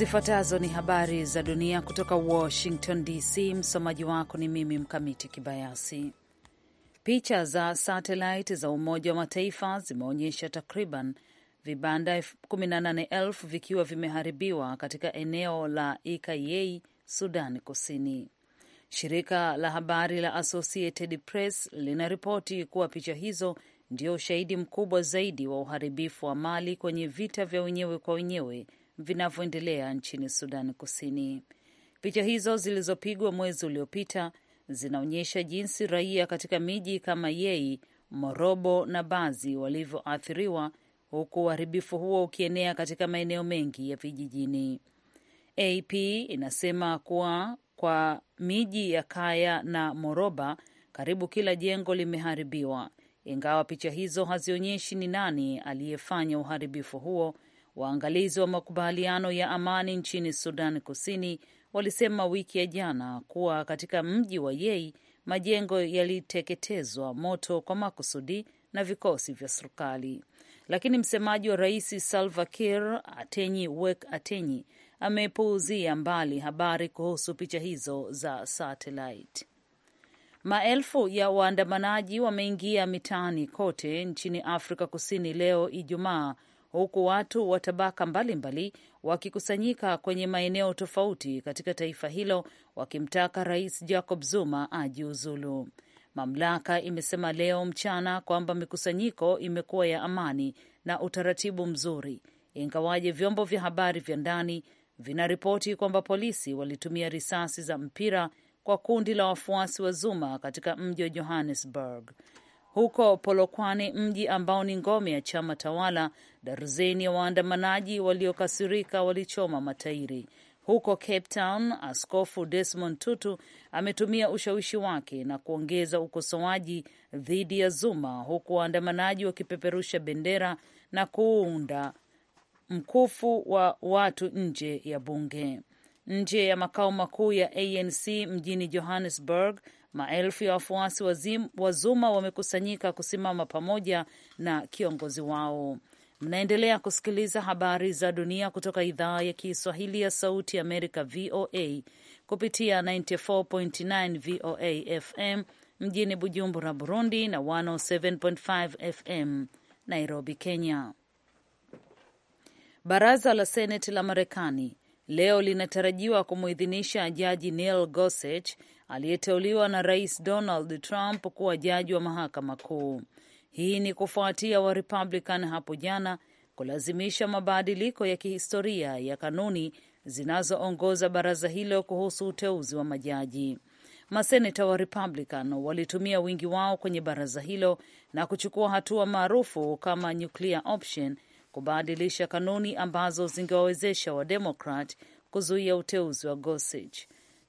Zifuatazo ni habari za dunia kutoka Washington DC. Msomaji wako ni mimi Mkamiti Kibayasi. Picha za satelaiti za Umoja wa Mataifa zimeonyesha takriban vibanda 18,000 vikiwa vimeharibiwa katika eneo la Ikayei, Sudan Kusini. Shirika la habari la Associated Press linaripoti kuwa picha hizo ndio ushahidi mkubwa zaidi wa uharibifu wa mali kwenye vita vya wenyewe kwa wenyewe vinavyoendelea nchini Sudan Kusini. Picha hizo zilizopigwa mwezi uliopita zinaonyesha jinsi raia katika miji kama Yei, Morobo na Bazi walivyoathiriwa, huku uharibifu huo ukienea katika maeneo mengi ya vijijini. AP inasema kuwa kwa miji ya Kaya na Moroba karibu kila jengo limeharibiwa, ingawa picha hizo hazionyeshi ni nani aliyefanya uharibifu huo Waangalizi wa makubaliano ya amani nchini Sudan Kusini walisema wiki ya jana kuwa katika mji wa Yei majengo yaliteketezwa moto kwa makusudi na vikosi vya serikali, lakini msemaji wa rais Salva Kiir Atenyi Wek Atenyi amepuuzia mbali habari kuhusu picha hizo za satellite. Maelfu ya waandamanaji wameingia mitaani kote nchini Afrika Kusini leo Ijumaa huku watu wa tabaka mbalimbali wakikusanyika kwenye maeneo tofauti katika taifa hilo wakimtaka Rais Jacob Zuma ajiuzulu. Mamlaka imesema leo mchana kwamba mikusanyiko imekuwa ya amani na utaratibu mzuri, ingawaje vyombo vya habari vya ndani vinaripoti kwamba polisi walitumia risasi za mpira kwa kundi la wafuasi wa Zuma katika mji wa Johannesburg. Huko Polokwane, mji ambao ni ngome ya chama tawala, darzeni ya waandamanaji waliokasirika walichoma matairi. Huko Cape Town, Askofu Desmond Tutu ametumia ushawishi wake na kuongeza ukosoaji dhidi ya Zuma, huku waandamanaji wakipeperusha bendera na kuunda mkufu wa watu nje ya bunge. Nje ya makao makuu ya ANC mjini Johannesburg, Maelfu ya wafuasi wa Zuma wamekusanyika kusimama pamoja na kiongozi wao. Mnaendelea kusikiliza habari za dunia kutoka idhaa ya Kiswahili ya Sauti Amerika, VOA, kupitia 94.9 VOA FM mjini Bujumbura, Burundi, na 107.5 FM Nairobi, Kenya. Baraza la Seneti la Marekani leo linatarajiwa kumuidhinisha Jaji Neil Gorsuch aliyeteuliwa na Rais Donald Trump kuwa jaji wa mahakama kuu. Hii ni kufuatia wa Republican hapo jana kulazimisha mabadiliko ya kihistoria ya kanuni zinazoongoza baraza hilo kuhusu uteuzi wa majaji. Maseneta wa Republican walitumia wingi wao kwenye baraza hilo na kuchukua hatua maarufu kama nuclear option kubadilisha kanuni ambazo zingewawezesha Wademokrat kuzuia uteuzi wa Gorsuch.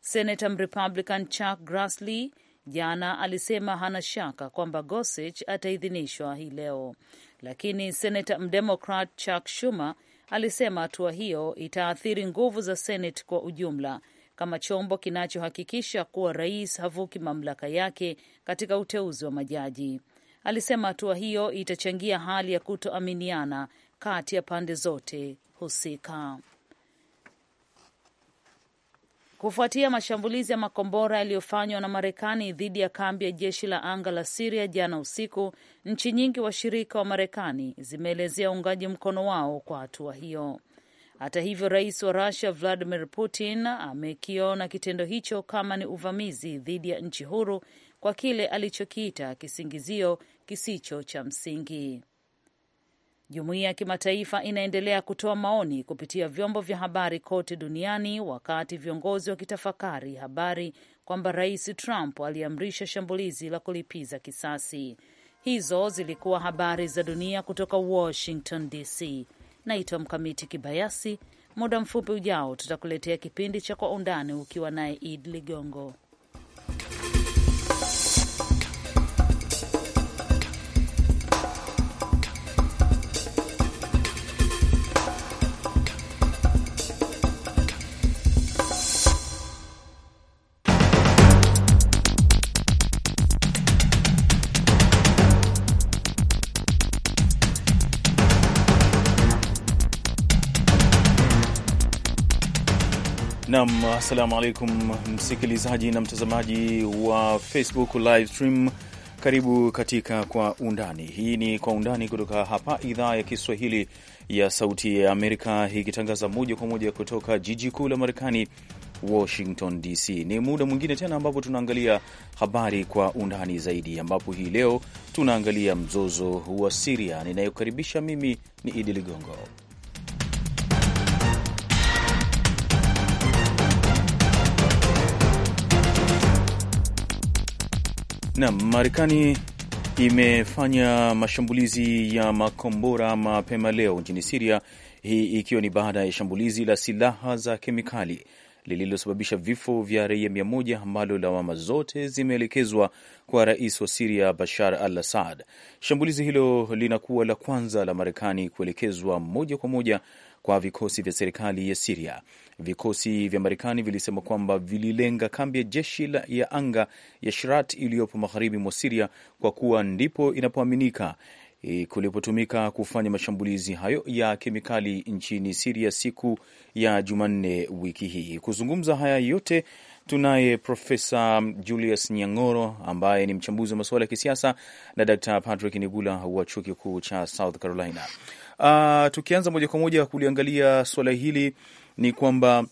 Senata Mrepublican Chuck Grassley jana alisema hana shaka kwamba Gorsuch ataidhinishwa hii leo, lakini senata Mdemokrat Chuck Schumer alisema hatua hiyo itaathiri nguvu za Senate kwa ujumla kama chombo kinachohakikisha kuwa rais havuki mamlaka yake katika uteuzi wa majaji. Alisema hatua hiyo itachangia hali ya kutoaminiana kati ya pande zote husika kufuatia mashambulizi ya makombora yaliyofanywa na Marekani dhidi ya kambi ya jeshi la anga la Siria jana usiku. Nchi nyingi washirika wa Marekani zimeelezea uungaji mkono wao kwa hatua hiyo. Hata hivyo, rais wa Rusia Vladimir Putin amekiona kitendo hicho kama ni uvamizi dhidi ya nchi huru kwa kile alichokiita kisingizio kisicho cha msingi. Jumuiya ya kimataifa inaendelea kutoa maoni kupitia vyombo vya habari kote duniani wakati viongozi wakitafakari habari kwamba Rais Trump aliamrisha shambulizi la kulipiza kisasi. Hizo zilikuwa habari za dunia kutoka Washington DC. Naitwa Mkamiti Kibayasi. Muda mfupi ujao, tutakuletea kipindi cha Kwa Undani ukiwa naye Id Ligongo. Nam, assalamu alaikum msikilizaji na mtazamaji wa Facebook live stream, karibu katika Kwa Undani. Hii ni Kwa Undani kutoka hapa idhaa ya Kiswahili ya Sauti ya Amerika, ikitangaza moja kwa moja kutoka jiji kuu la Marekani, Washington DC. Ni muda mwingine tena ambapo tunaangalia habari kwa undani zaidi, ambapo hii leo tunaangalia mzozo wa Siria. Ninayokaribisha mimi ni Idi Ligongo Naam, Marekani imefanya mashambulizi ya makombora mapema leo nchini Siria, hii ikiwa ni baada ya shambulizi la silaha za kemikali lililosababisha vifo vya raia mia moja ambalo lawama zote zimeelekezwa kwa rais wa Siria Bashar al Assad. Shambulizi hilo linakuwa la kwanza la Marekani kuelekezwa moja kwa moja kwa vikosi vya serikali ya Siria. Vikosi vya Marekani vilisema kwamba vililenga kambi ya jeshi ya anga ya Shirat iliyopo magharibi mwa Siria kwa kuwa ndipo inapoaminika e, kulipotumika kufanya mashambulizi hayo ya kemikali nchini Siria siku ya Jumanne wiki hii. Kuzungumza haya yote tunaye Profesa um, Julius Nyang'oro ambaye ni mchambuzi wa masuala ya kisiasa na Dr. Patrick Nigula wa chuo kikuu cha South Carolina. Uh, tukianza moja kwa moja kuliangalia suala hili ni kwamba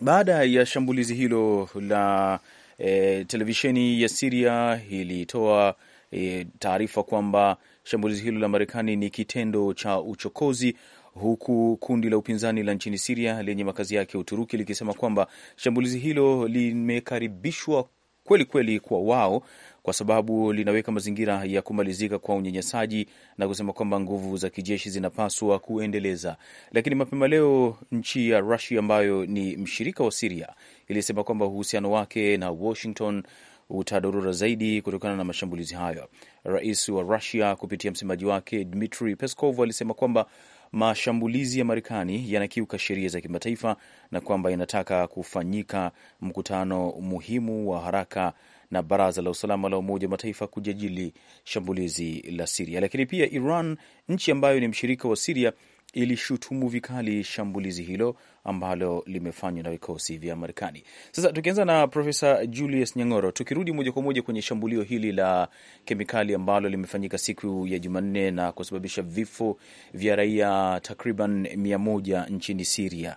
baada ya shambulizi hilo la eh, televisheni ya Siria ilitoa eh, taarifa kwamba shambulizi hilo la Marekani ni kitendo cha uchokozi huku kundi la upinzani la nchini Siria lenye makazi yake Uturuki likisema kwamba shambulizi hilo limekaribishwa kweli kweli kwa wao kwa sababu linaweka mazingira ya kumalizika kwa unyanyasaji na kusema kwamba nguvu za kijeshi zinapaswa kuendeleza. Lakini mapema leo nchi ya Rusia ambayo ni mshirika wa Siria ilisema kwamba uhusiano wake na Washington utadorora zaidi kutokana na mashambulizi hayo. Rais wa Rusia kupitia msemaji wake dmitri Peskov alisema kwamba mashambulizi ya Marekani yanakiuka sheria za kimataifa na kwamba inataka kufanyika mkutano muhimu wa haraka na Baraza la Usalama la Umoja wa Mataifa kujajili shambulizi la Siria. Lakini pia Iran, nchi ambayo ni mshirika wa Siria, ilishutumu vikali shambulizi hilo ambalo limefanywa na vikosi vya Marekani. Sasa tukianza na Profesa Julius Nyang'oro, tukirudi moja kwa moja kwenye shambulio hili la kemikali ambalo limefanyika siku ya Jumanne na kusababisha vifo vya raia takriban mia moja nchini Siria.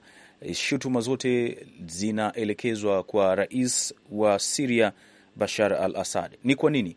Shutuma zote zinaelekezwa kwa rais wa Siria Bashar al Assad. Ni kwa nini?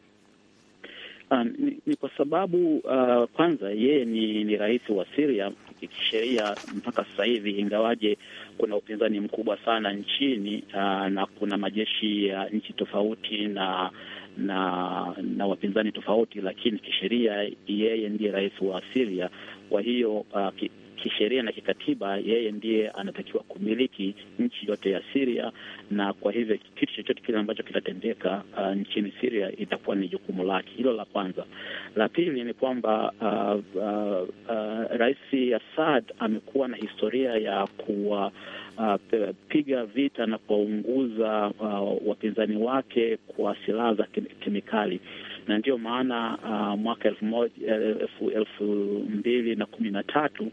Uh, ni, ni kwa sababu uh, kwanza yeye ni, ni rais wa Syria kisheria mpaka sasa hivi, ingawaje kuna upinzani mkubwa sana nchini uh, na kuna majeshi ya nchi tofauti na na na wapinzani tofauti, lakini kisheria yeye ndiye rais wa Syria. Kwa hiyo uh, kisheria na kikatiba, yeye ndiye anatakiwa kumiliki nchi yote ya Siria, na kwa hivyo kitu chochote kile ambacho kitatendeka uh, nchini Siria itakuwa ni jukumu lake. Hilo la kwanza. La pili ni kwamba uh, uh, uh, Rais Assad amekuwa na historia ya kuwa Uh, piga vita na kuwaunguza uh, wapinzani wake kwa silaha za kemikali, na ndiyo maana uh, mwaka elfu moj, elfu, elfu mbili na kumi na tatu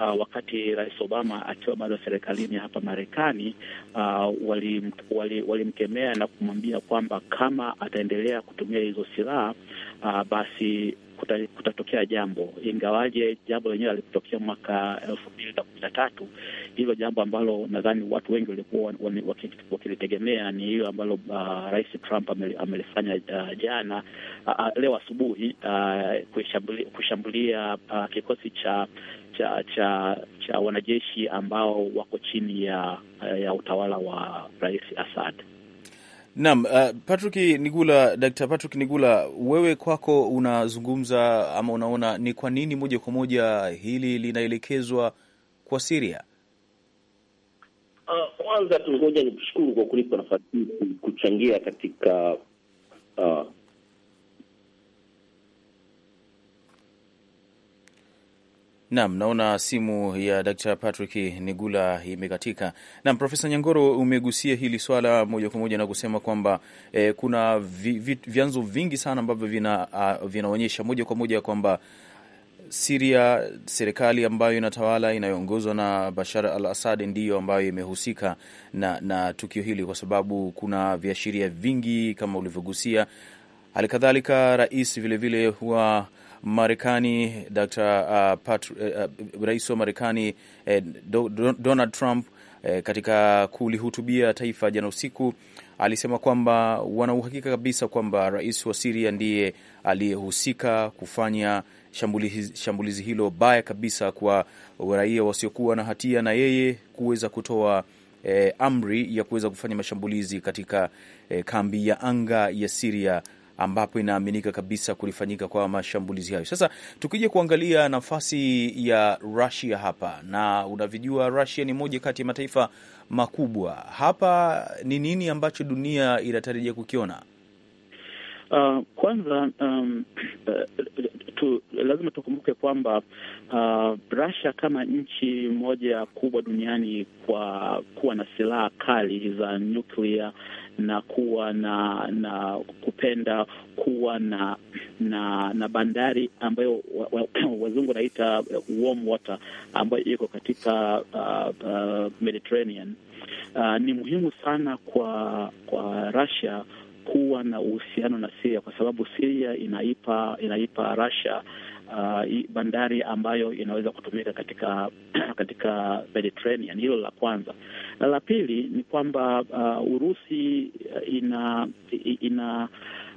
uh, wakati Rais Obama akiwa bado serikalini hapa Marekani uh, ah, walimkemea wali, wali na kumwambia kwamba kama ataendelea kutumia hizo silaha uh, basi kuta, kutatokea jambo, ingawaje jambo lenyewe alikutokea mwaka elfu mbili na kumi na tatu. Hilo jambo ambalo nadhani watu wengi walikuwa wakilitegemea ni hilo ambalo uh, Rais Trump amelifanya uh, jana uh, uh leo asubuhi uh, kushambulia uh, kikosi cha cha cha cha wanajeshi ambao wako chini ya ya utawala wa Rais Assad. Naam, uh, Patrick Nigula, Dr. Patrick Nigula, wewe kwako unazungumza ama unaona ni kwa nini moja kwa moja hili linaelekezwa kwa Syria? Uh, kwanza tungoja ni kushukuru kwa kulipa nafasi hii kuchangia katika uh, Nam, naona simu ya Dr. Patrick Nigula imekatika. Nam, Profesa Nyangoro, umegusia hili swala moja kwa moja na kusema kwamba eh, kuna vi, vi, vyanzo vingi sana ambavyo vina, uh, vinaonyesha moja kwa moja kwamba Siria, serikali ambayo inatawala inayoongozwa na Bashar al Assad ndiyo ambayo imehusika na, na tukio hili, kwa sababu kuna viashiria vingi kama ulivyogusia. Halikadhalika rais vilevile huwa Marekani Dr. uh, Pat, uh, uh, rais wa Marekani eh, do, do, Donald Trump eh, katika kulihutubia taifa jana usiku alisema kwamba wana uhakika kabisa kwamba rais wa Siria ndiye aliyehusika kufanya shambulizi, shambulizi hilo baya kabisa kwa raia wasiokuwa na hatia na yeye kuweza kutoa eh, amri ya kuweza kufanya mashambulizi katika eh, kambi ya anga ya Siria ambapo inaaminika kabisa kulifanyika kwa mashambulizi hayo. Sasa tukija kuangalia nafasi ya Russia hapa, na unavyojua Russia ni moja kati ya mataifa makubwa hapa, ni nini ambacho dunia inatarajia kukiona? Uh, kwanza um, uh, tu, lazima tukumbuke kwamba uh, Russia kama nchi moja kubwa duniani kwa kuwa na silaha kali za nyuklia na kuwa na na kupenda kuwa na na, na bandari ambayo wazungu wanaita warm water ambayo iko katika uh, uh, Mediterranean uh, ni muhimu sana kwa kwa Russia kuwa na uhusiano na siria kwa sababu siria inaipa inaipa Russia uh, bandari ambayo inaweza kutumika katika katika Mediterranean. Hilo la kwanza, na la pili ni kwamba uh, Urusi uh, ina ina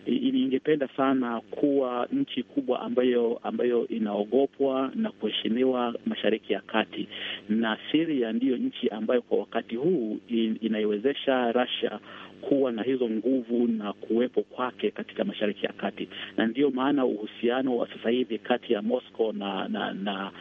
ingependa sana kuwa nchi kubwa ambayo ambayo inaogopwa na kuheshimiwa Mashariki ya Kati, na siria ndiyo nchi ambayo kwa wakati huu inaiwezesha Russia kuwa na hizo nguvu na kuwepo kwake katika Mashariki ya Kati, na ndiyo maana uhusiano wa sasa hivi kati ya Moscow na na na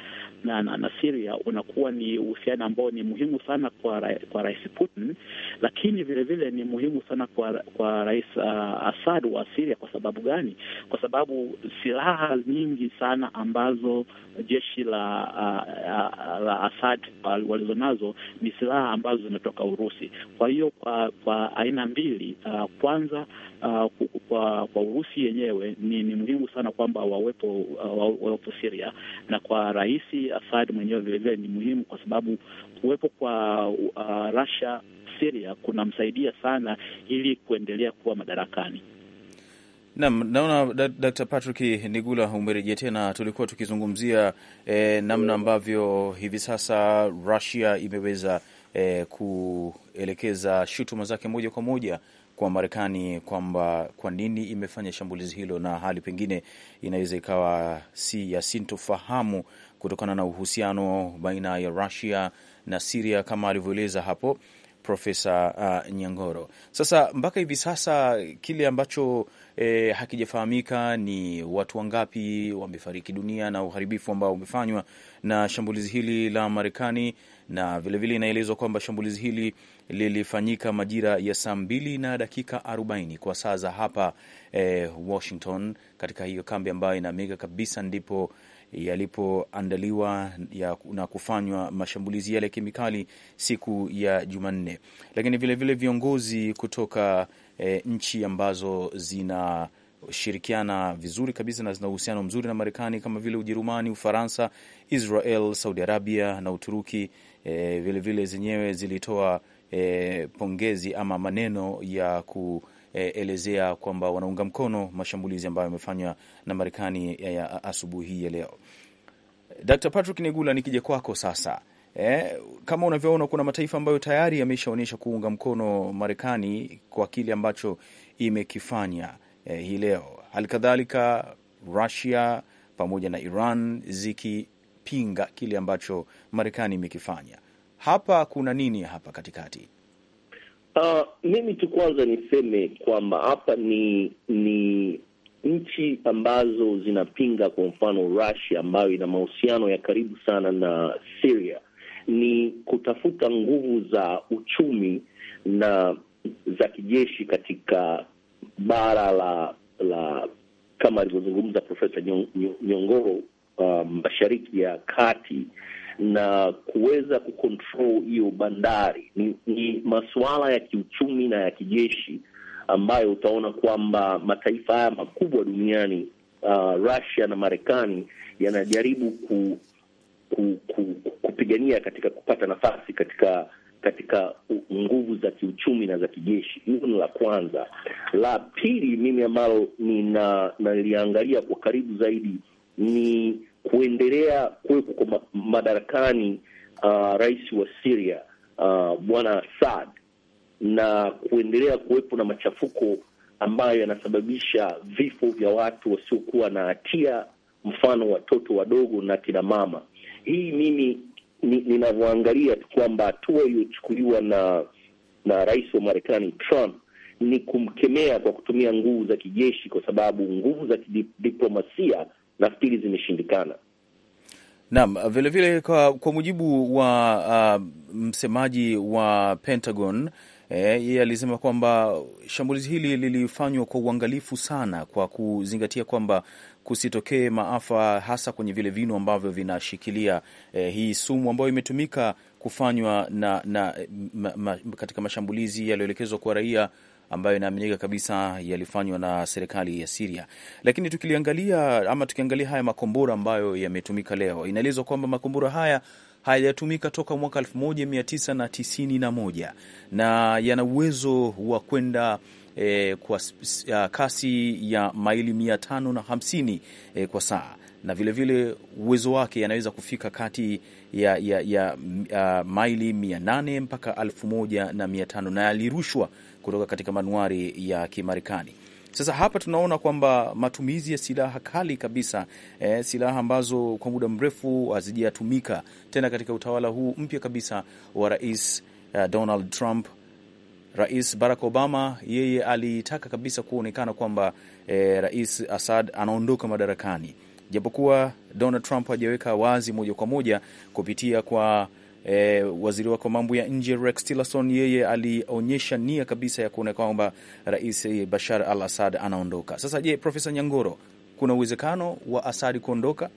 na, na, na Syria unakuwa ni uhusiano ambao ni muhimu sana kwa, ra kwa Rais Putin, lakini vilevile vile ni muhimu sana kwa, kwa Rais uh, Assad wa Syria kwa sababu gani? Kwa sababu silaha nyingi sana ambazo jeshi la, uh, la Assad walizonazo ni silaha ambazo zimetoka Urusi. Kwa hiyo kwa, kwa aina mbili uh, kwanza uh, kwa, kwa Urusi yenyewe ni, ni muhimu sana kwamba wawepo, uh, wawepo Syria, na kwa rais Assad mwenyewe vilevile ni muhimu kwa sababu kuwepo kwa uh, Russia Syria kunamsaidia sana ili kuendelea kuwa madarakani nam naona Dkt. Patrick Nigula umerejea tena. Tulikuwa tukizungumzia eh, namna ambavyo hivi sasa Russia imeweza eh, kuelekeza shutuma zake moja kwa moja kwa Marekani kwamba kwa nini imefanya shambulizi hilo, na hali pengine inaweza ikawa si ya sintofahamu kutokana na uhusiano baina ya Russia na siria kama alivyoeleza hapo Profesa uh, Nyangoro. Sasa mpaka hivi sasa kile ambacho e, hakijafahamika ni watu wangapi wamefariki dunia na uharibifu ambao umefanywa na shambulizi hili la Marekani, na vilevile inaelezwa kwamba shambulizi hili lilifanyika majira ya saa mbili na dakika arobaini kwa saa za hapa e, Washington, katika hiyo kambi ambayo inaamika kabisa ndipo yalipoandaliwa ya na kufanywa mashambulizi yale ya kemikali siku ya Jumanne. Lakini vilevile viongozi kutoka e, nchi ambazo zina shirikiana vizuri kabisa na zina uhusiano mzuri na Marekani kama vile Ujerumani, Ufaransa, Israel, Saudi Arabia na Uturuki vilevile, eh, e, vile zenyewe zilitoa e, pongezi ama maneno ya ku E, elezea kwamba wanaunga mkono mashambulizi ambayo yamefanywa na Marekani ya asubuhi hii ya leo. Dr. Patrick Negula, nikija kwako sasa. Eh, kama unavyoona kuna mataifa ambayo tayari yameshaonyesha kuunga mkono Marekani kwa kile ambacho imekifanya eh, hii leo. Halikadhalika Russia pamoja na Iran zikipinga kile ambacho Marekani imekifanya. Hapa kuna nini hapa katikati? Uh, mimi tu kwanza niseme kwamba hapa ni ni nchi ambazo zinapinga, kwa mfano Russia ambayo ina mahusiano ya karibu sana na Syria, ni kutafuta nguvu za uchumi na za kijeshi katika bara la la kama alivyozungumza Profesa Nyongoro, uh, um, mashariki ya kati na kuweza kukontrol hiyo bandari. Ni, ni masuala ya kiuchumi na ya kijeshi ambayo utaona kwamba mataifa haya makubwa duniani uh, Russia na Marekani yanajaribu ku, ku, ku, ku, kupigania katika kupata nafasi katika katika nguvu za kiuchumi na za kijeshi. Hilo ni la kwanza. La pili, mimi ambalo naliangalia kwa karibu zaidi ni kuendelea kuwepo kwa madarakani uh, rais wa siria uh, bwana Assad na kuendelea kuwepo na machafuko ambayo yanasababisha vifo vya watu wasiokuwa na hatia, mfano watoto wadogo na kina mama. Hii mimi ninavyoangalia tu kwamba hatua iliyochukuliwa na na rais wa Marekani Trump ni kumkemea kwa kutumia nguvu za kijeshi, kwa sababu nguvu za kidiplomasia nafikiri zimeshindikana. Naam, vilevile kwa, kwa mujibu wa uh, msemaji wa Pentagon eh, yeye alisema kwamba shambulizi hili lilifanywa kwa uangalifu sana kwa kuzingatia kwamba kusitokee maafa hasa kwenye vile vinu ambavyo vinashikilia eh, hii sumu ambayo imetumika kufanywa na, na ma, ma, katika mashambulizi yaliyoelekezwa kwa raia ambayo inaaminika kabisa yalifanywa na serikali ya Siria. Lakini tukiliangalia ama tukiangalia haya makombora ambayo yametumika leo, inaelezwa kwamba makombora haya hayajatumika toka mwaka elfu moja mia tisa na, na yana uwezo wa kwenda e, kwa ya, ah, kasi ya maili hamsini e, kwa saa na vilevile uwezo vile wake yanaweza kufika kati ya, ya, ya, ya ah, maili nane mpaka 1500 na yalirushwa na kutoka katika manuari ya Kimarekani. Sasa hapa tunaona kwamba matumizi ya silaha kali kabisa eh, silaha ambazo kwa muda mrefu hazijatumika tena katika utawala huu mpya kabisa wa rais eh, Donald Trump. Rais Barack Obama yeye alitaka kabisa kuonekana kwamba eh, rais Assad anaondoka madarakani, japokuwa Donald Trump hajaweka wazi moja kwa moja kupitia kwa e, waziri wake wa mambo ya nje Rex Tillerson yeye alionyesha nia kabisa ya kuona kwamba Rais Bashar al Assad anaondoka. Sasa je, Profesa Nyangoro, kuna uwezekano wa Asadi kuondoka?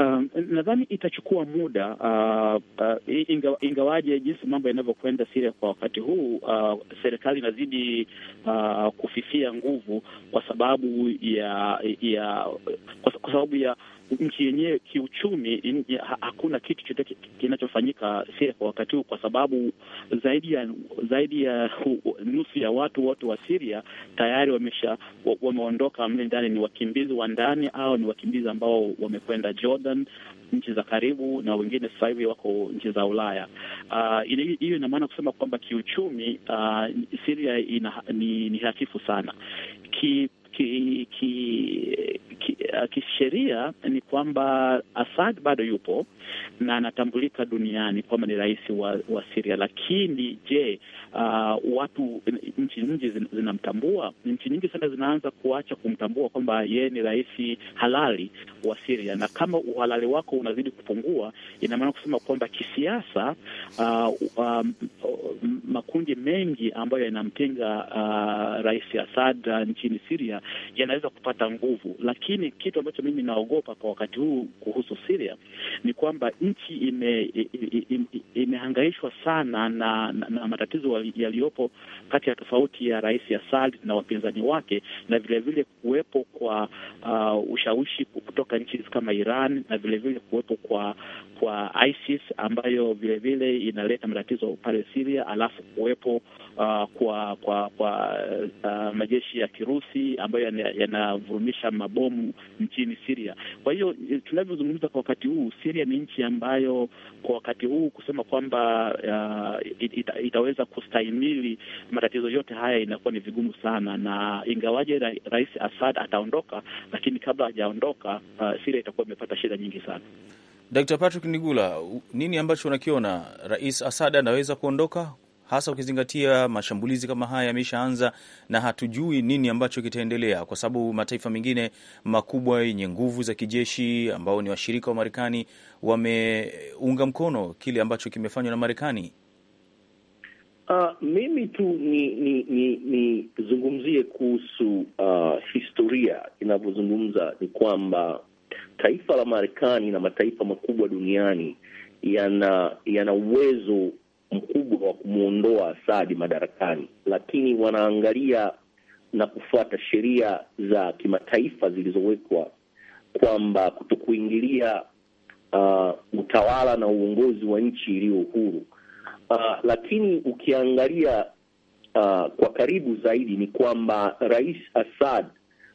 Um, nadhani itachukua muda uh, uh, inga, ingawaje jinsi mambo yanavyokwenda siria kwa wakati huu uh, serikali inazidi uh, kufifia nguvu kwa sababu ya ya kwa sababu ya nchi yenyewe kiuchumi hakuna kitu chochote kinachofanyika kwa wakati huu, kwa sababu zaidi ya zaidi ya nusu ya watu wote wa siria tayari wamesha wameondoka mle ndani, ni wakimbizi wa ndani au ni wakimbizi ambao wamekwenda Jordan, nchi za karibu, na wengine sasa hivi wako nchi za Ulaya. Ah, hiyo uh, ina maana kusema kwamba kiuchumi uh, ah, Siria ina, ni, ni hafifu sana ki kisheria ki, ki, eh, ni kwamba Assad bado yupo na anatambulika duniani kwamba ni rais wa, wa Syria, lakini je, uh, watu nchi nyingi zinamtambua? Nchi nyingi sana zinaanza kuacha kumtambua kwamba yeye ni rais halali wa Syria, na kama uhalali wako unazidi kupungua, ina maana kusema kwamba kisiasa, uh, um, makundi mengi ambayo yanampinga uh, ah, rais Assad nchini Syria yanaweza kupata nguvu, lakini kitu ambacho mimi naogopa kwa wakati huu kuhusu Syria ni kwamba nchi ime, ime, imehangaishwa sana na, na, na matatizo yaliyopo kati ya tofauti ya Rais Assad na wapinzani wake na vilevile kuwepo kwa uh, ushawishi kutoka nchi kama Iran na vilevile kuwepo kwa kwa ISIS ambayo vilevile inaleta matatizo pale Syria, alafu kuwepo uh, kwa kwa, kwa uh, majeshi ya Kirusi ambayo yanavurumisha yana mabomu nchini siria Kwa hiyo eh, tunavyozungumza kwa wakati huu, siria ni nchi ambayo kwa wakati huu kusema kwamba uh, it, it, itaweza kustahimili matatizo yote haya inakuwa ni vigumu sana, na ingawaje ra, Rais Assad ataondoka, lakini kabla hajaondoka uh, Siria itakuwa imepata shida nyingi sana. Dr. Patrick Nigula, nini ambacho unakiona, Rais Assad anaweza kuondoka hasa ukizingatia mashambulizi kama haya yameshaanza na hatujui nini ambacho kitaendelea, kwa sababu mataifa mengine makubwa yenye nguvu za kijeshi ambao ni washirika wa Marekani wameunga mkono kile ambacho kimefanywa na Marekani. Uh, mimi tu nizungumzie ni, ni, ni kuhusu uh, historia inavyozungumza ni kwamba taifa la Marekani na mataifa makubwa duniani yana yana uwezo mkubwa wa kumwondoa Asadi madarakani, lakini wanaangalia na kufuata sheria za kimataifa zilizowekwa kwamba kutokuingilia uh, utawala na uongozi wa nchi iliyo uhuru. Uh, lakini ukiangalia uh, kwa karibu zaidi ni kwamba Rais Assad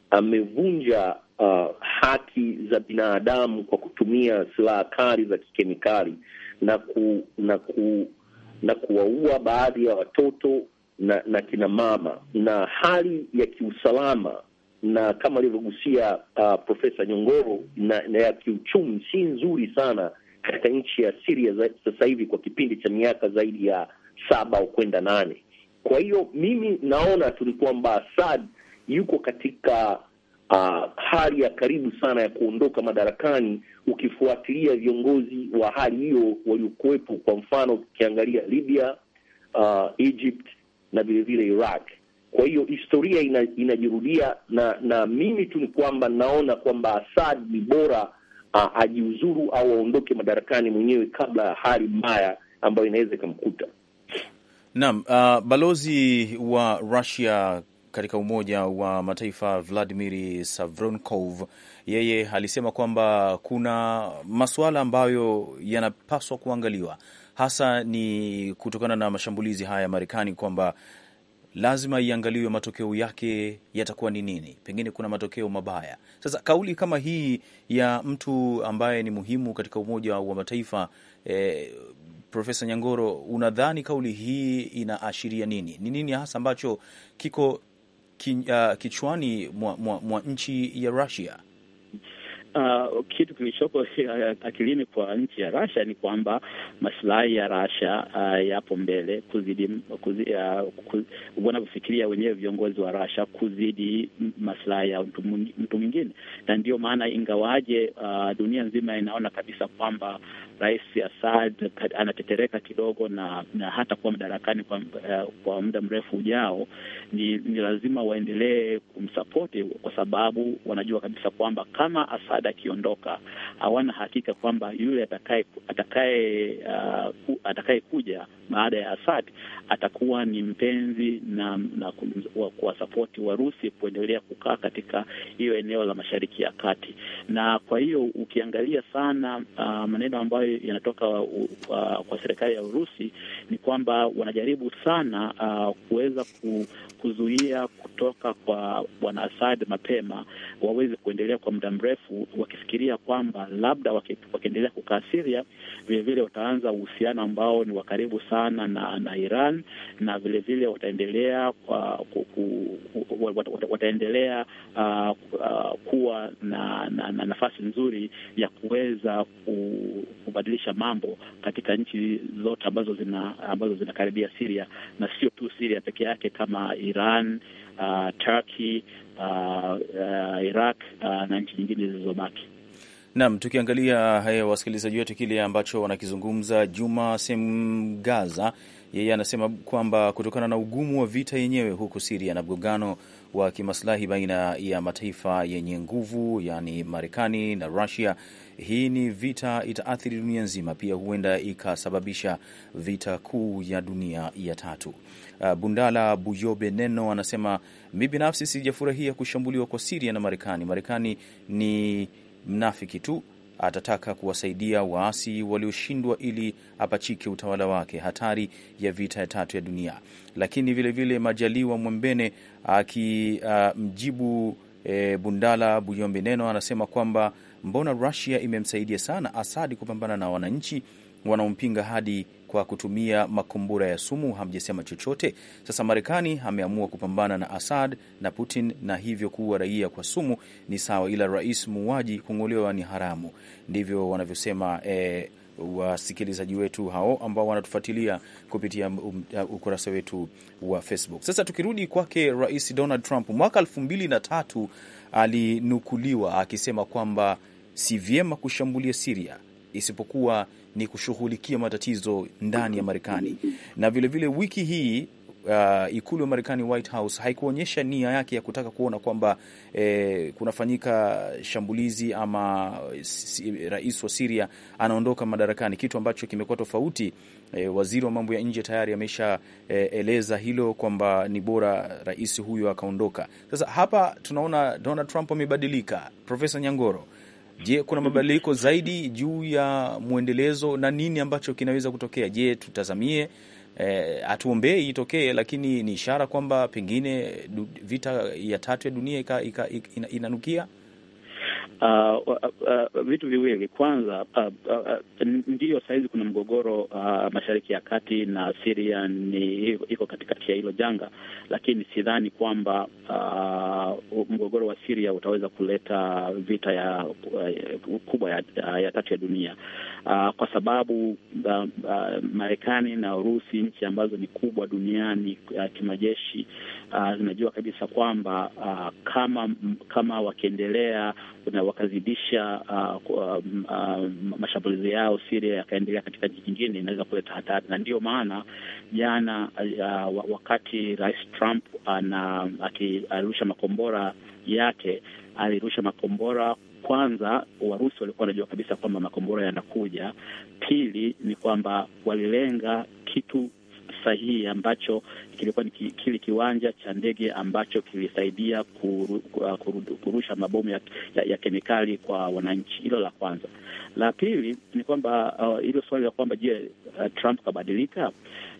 amevunja uh, haki za binadamu kwa kutumia silaha kali za kikemikali na ku, na ku, na kuwaua baadhi ya watoto na, na kina mama na hali ya kiusalama na kama alivyogusia uh, Profesa Nyongoro na, na ya kiuchumi si nzuri sana katika nchi ya Siria sasa hivi kwa kipindi cha miaka zaidi ya saba au kwenda nane. Kwa hiyo mimi naona tu ni kwamba Assad yuko katika uh, hali ya karibu sana ya kuondoka madarakani, ukifuatilia viongozi wa hali hiyo waliokuwepo. Kwa mfano ukiangalia Libya, uh, Egypt na vilevile Iraq. Kwa hiyo historia ina, inajirudia na na mimi tu ni kwamba naona kwamba Assad ni bora uh, ajiuzuru au aondoke madarakani mwenyewe kabla ya hali mbaya ambayo inaweza ikamkuta. Naam, uh, balozi wa Russia katika Umoja wa Mataifa Vladimir Savronkov, yeye alisema kwamba kuna masuala ambayo yanapaswa kuangaliwa, hasa ni kutokana na mashambulizi haya ya Marekani, kwamba lazima iangaliwe matokeo yake yatakuwa ni nini, pengine kuna matokeo mabaya. Sasa kauli kama hii ya mtu ambaye ni muhimu katika Umoja wa Mataifa eh, Profesa Nyangoro, unadhani kauli hii inaashiria nini? Ni nini hasa ambacho kiko Uh, kichwani mwa, mwa, mwa nchi ya Russia uh, kitu kilichoko uh, akilini kwa nchi ya Russia ni kwamba masilahi ya Russia uh, yapo mbele kuzidi uh, wanavyofikiria uh, wenyewe viongozi wa Russia kuzidi masilahi ya mtu mwingine, na ndio maana ingawaje uh, dunia nzima inaona kabisa kwamba Rais Assad anatetereka kidogo na, na hata kuwa madarakani kwa, uh, kwa muda mrefu ujao, ni, ni lazima waendelee kumsapoti kwa sababu wanajua kabisa kwamba kama Assad Biden akiondoka, hawana hakika kwamba yule atakaye atakaye uh, kuja baada ya Assad atakuwa ni mpenzi na, na kuwasapoti Warusi kuendelea kukaa katika hiyo eneo la Mashariki ya Kati. Na kwa hiyo ukiangalia sana uh, maneno ambayo yanatoka uh, kwa serikali ya Urusi ni kwamba wanajaribu sana uh, kuweza ku kuzuia kutoka kwa bwana Assad mapema waweze kuendelea kwa muda mrefu, wakifikiria kwamba labda wakiendelea kukaa Siria vilevile wataanza uhusiano ambao ni wa karibu sana na, na Iran na vilevile wataendelea kwa wataendelea uh, uh, kuwa na, na, na nafasi nzuri ya kuweza kubadilisha mambo katika nchi zote ambazo zina ambazo zinakaribia Siria na sio tu Siria peke yake kama Iran, uh, Turkey, uh, uh, Iraq uh, na nchi nyingine zilizobaki. Naam, tukiangalia haya wasikilizaji wetu, kile ambacho wanakizungumza Juma Semgaza, yeye anasema kwamba kutokana na ugumu wa vita yenyewe huko Siria na mgogano wa kimaslahi baina ya mataifa yenye nguvu, yaani Marekani na Rusia. Hii ni vita itaathiri dunia nzima, pia huenda ikasababisha vita kuu ya dunia ya tatu. Uh, Bundala Buyobe Neno anasema mi binafsi sijafurahia kushambuliwa kwa Siria na Marekani. Marekani ni mnafiki tu atataka kuwasaidia waasi walioshindwa ili apachike utawala wake, hatari ya vita ya tatu ya dunia. Lakini vilevile vile Majaliwa Mwembene akimjibu e, Bundala buyombi Neno anasema kwamba mbona Rusia imemsaidia sana Asadi kupambana na wananchi wanaompinga hadi kwa kutumia makombora ya sumu, hamjasema chochote. Sasa Marekani ameamua kupambana na Assad na Putin, na hivyo kuua raia kwa sumu ni sawa, ila rais muuaji kung'olewa ni haramu. Ndivyo wanavyosema eh, wasikilizaji wetu hao ambao wanatufuatilia kupitia um, uh, ukurasa wetu wa Facebook. Sasa tukirudi kwake Rais Donald Trump, mwaka elfu mbili na tatu alinukuliwa akisema kwamba si vyema kushambulia Siria isipokuwa ni kushughulikia matatizo ndani ya Marekani. Na vilevile vile wiki hii Uh, ikulu ya Marekani White House haikuonyesha nia yake ya kutaka kuona kwamba eh, kunafanyika shambulizi ama si, rais wa siria anaondoka madarakani, kitu ambacho kimekuwa tofauti. Eh, waziri wa mambo ya nje tayari amesha eh, eleza hilo kwamba ni bora rais huyo akaondoka. Sasa hapa tunaona Donald Trump amebadilika. Profesa Nyangoro Je, kuna mabadiliko zaidi juu ya mwendelezo na nini ambacho kinaweza kutokea? Je, tutazamie hatuombei eh, e, itokee, lakini ni ishara kwamba pengine vita ya tatu ya dunia ika, ika, ina, inanukia uh, uh, uh, vitu viwili. Kwanza uh, uh, uh ndiyo sahizi kuna mgogoro uh, Mashariki ya Kati na Siria ni iko katikati ya hilo janga, lakini sidhani kwamba uh, mgogoro wa Siria utaweza kuleta vita ya uh, kubwa ya, uh, ya tatu ya dunia uh, kwa sababu uh, uh, Marekani na Urusi, nchi ambazo ni kubwa duniani uh, kimajeshi uh, zinajua kabisa kwamba uh, kama kama wakiendelea na wakazidisha uh, uh, uh, mashambulizi yao Siria yakaendelea katika nchi nyingine, inaweza kuleta hatari, na ndiyo maana jana uh, wakati Rais Trump ana akirusha makombora yake alirusha makombora kwanza, Warusi walikuwa wanajua kabisa kwamba makombora yanakuja. Pili ni kwamba walilenga kitu sahihi ambacho kilikuwa ni kile kiwanja cha ndege ambacho kilisaidia kuru, uh, kuru, kurusha mabomu ya, ya, ya kemikali kwa wananchi. Hilo la kwanza. La pili ni kwamba uh, hilo uh, swali la kwamba je, uh, Trump kabadilika?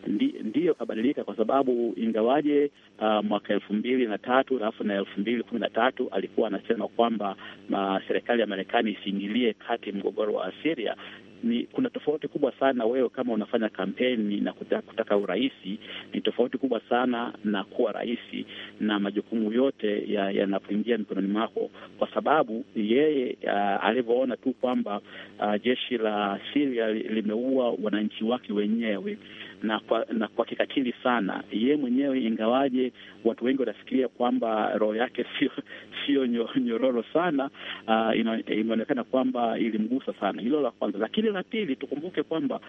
Ndi, ndiyo kabadilika kwa sababu ingawaje uh, mwaka elfu mbili na tatu alafu na elfu mbili kumi na tatu alikuwa anasema kwamba uh, serikali ya Marekani isiingilie kati mgogoro wa Syria, ni kuna tofauti kubwa sana wewe kama unafanya kampeni na kutaka, kutaka urais, ni tofauti kubwa sana na kuwa rais na majukumu yote yanapoingia ya mikononi mwako, kwa sababu yeye uh, alivyoona tu kwamba uh, jeshi la Syria limeua wananchi wake wenyewe na kwa, na kwa kikatili sana ye mwenyewe, ingawaje watu wengi wanafikiria kwamba roho yake sio sio nyororo sana. Uh, imeonekana kwamba ilimgusa sana, hilo la kwanza. Lakini la pili, tukumbuke kwamba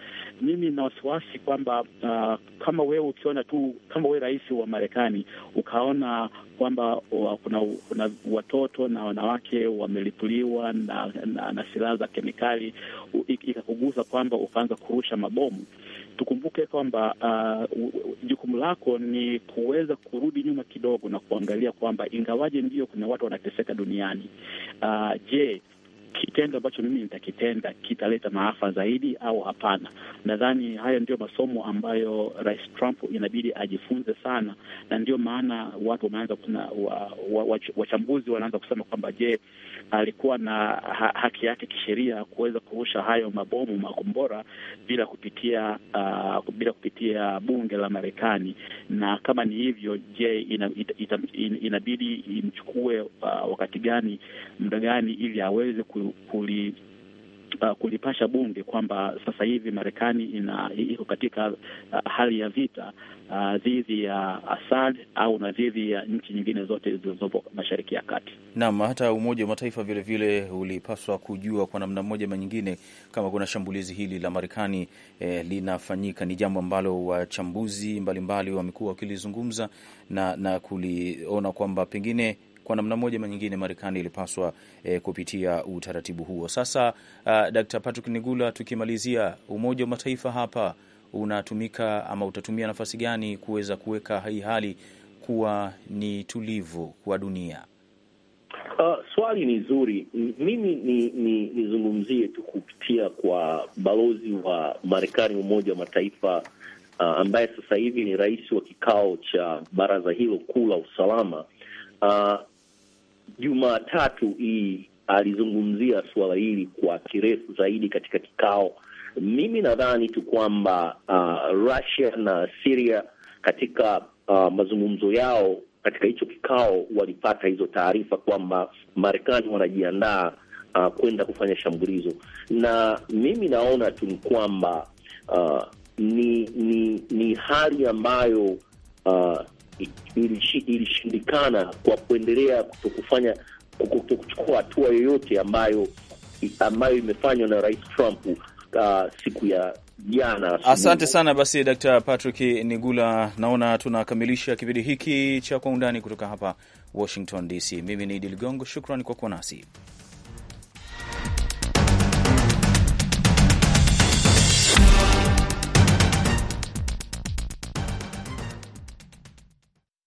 mimi na wasiwasi kwamba uh, kama wewe ukiona tu kama wewe rais wa Marekani ukaona kwamba uh, kuna, kuna watoto na wanawake wamelipuliwa na, na, na silaha za kemikali, ikakugusa kwamba ukaanza kurusha mabomu Tukumbuke kwamba uh, jukumu lako ni kuweza kurudi nyuma kidogo na kuangalia kwamba ingawaje ndio kuna watu wanateseka duniani, uh, je kitendo ambacho mimi nitakitenda kitaleta maafa zaidi au hapana. Nadhani hayo ndio masomo ambayo Rais Trump inabidi ajifunze sana, na ndio maana watu wameanza wa, wa, wachambuzi wanaanza kusema kwamba je, alikuwa na ha haki yake kisheria kuweza kurusha hayo mabomu makombora bila kupitia uh, bila kupitia bunge la Marekani, na kama ni hivyo, je, ina, ita, ita, inabidi imchukue uh, wakati gani, muda gani ili aweze ku kuli Uh, kulipasha bunge kwamba sasa hivi Marekani ina iko katika uh, hali ya vita uh, dhidi uh, ya Assad au na dhidi ya nchi nyingine zote zilizopo Mashariki ya Kati. Naam, hata Umoja wa Mataifa vilevile ulipaswa kujua kwa namna moja ama nyingine kama kuna shambulizi hili la Marekani eh, linafanyika. Ni jambo ambalo wachambuzi mbalimbali wamekuwa wakilizungumza na, na kuliona kwamba pengine kwa namna moja ama nyingine Marekani ilipaswa e, kupitia utaratibu huo. Sasa uh, ah, Dr. Patrick Nigula, tukimalizia Umoja wa Mataifa hapa unatumika ama utatumia nafasi gani kuweza kuweka hii hali kuwa ni tulivu kwa dunia? Uh, swali ni zuri. Mimi nizungumzie ni, ni tu kupitia kwa balozi wa Marekani Umoja wa Mataifa uh, ambaye sasa hivi ni rais wa kikao cha baraza hilo kuu la usalama uh, Jumatatu hii alizungumzia suala hili kwa kirefu zaidi katika kikao. Mimi nadhani tu kwamba uh, Russia na Syria katika uh, mazungumzo yao katika hicho kikao walipata hizo taarifa kwamba Marekani wanajiandaa uh, kwenda kufanya shambulizo, na mimi naona tu ni kwamba uh, ni, ni, ni hali ambayo uh, ilishindikana kwa kuendelea kutokufanya kutokuchukua hatua yoyote ambayo ambayo imefanywa na Rais Trump uh, siku ya jana. Asante sana basi, Dr. Patrick Nigula, naona tunakamilisha kipindi hiki cha Kwa Undani kutoka hapa Washington DC. Mimi ni Idi Ligongo, shukran kwa kuwa nasi.